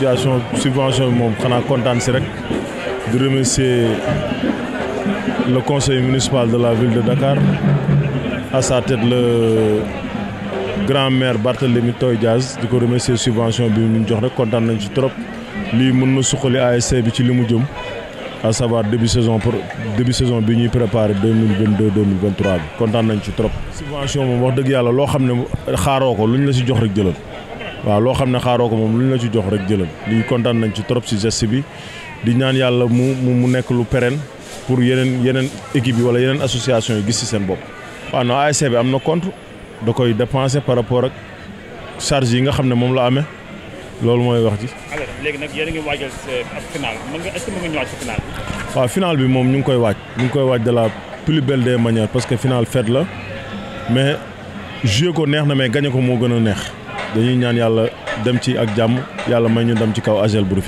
situation subvention bi moom xanaa kontaan rek di remercier le conseil municipal de la ville de Dakar à sa tête le grand maire Barthélémy Toye Dias di remercier subvention bi ñu jox rek kontaan nañ ci trop li mën na suqali ASC bi ci limu jëm à savoir début saison pour début saison bi ñuy préparer 2022 2023 vingt bi kontaan nañ ci trop. subvention mom wax deug yalla lo xam xaro ko luñ la ci jox rek jëlal wa lo xam ne mom ko lu la ci jox rek jëlal li kontaan nañ ci trop ci geste bi di ñaan yalla mu mu nekk lu pérenne pour yenen yenen équipe yi wala yenen association yi gis ci seen bop wa non ASC bi am na compte da koy dépenser par rapport ak charge yi nga xam mom la amé loolu moy wax ci alors légui nak yéen a ngi waajal ab final mën nga est-ce que mën nga ñëwaat ci final wa final bi mom ñu ngi koy waaj ñu ngi koy waaj de la plus belle des manières parce que final fête la mais jouer ko neex na mais gagner ko mo gëna neex. dañuy ñaan yàlla dem ci ak jàmm yàlla may ñu dem ci kaw Agel bu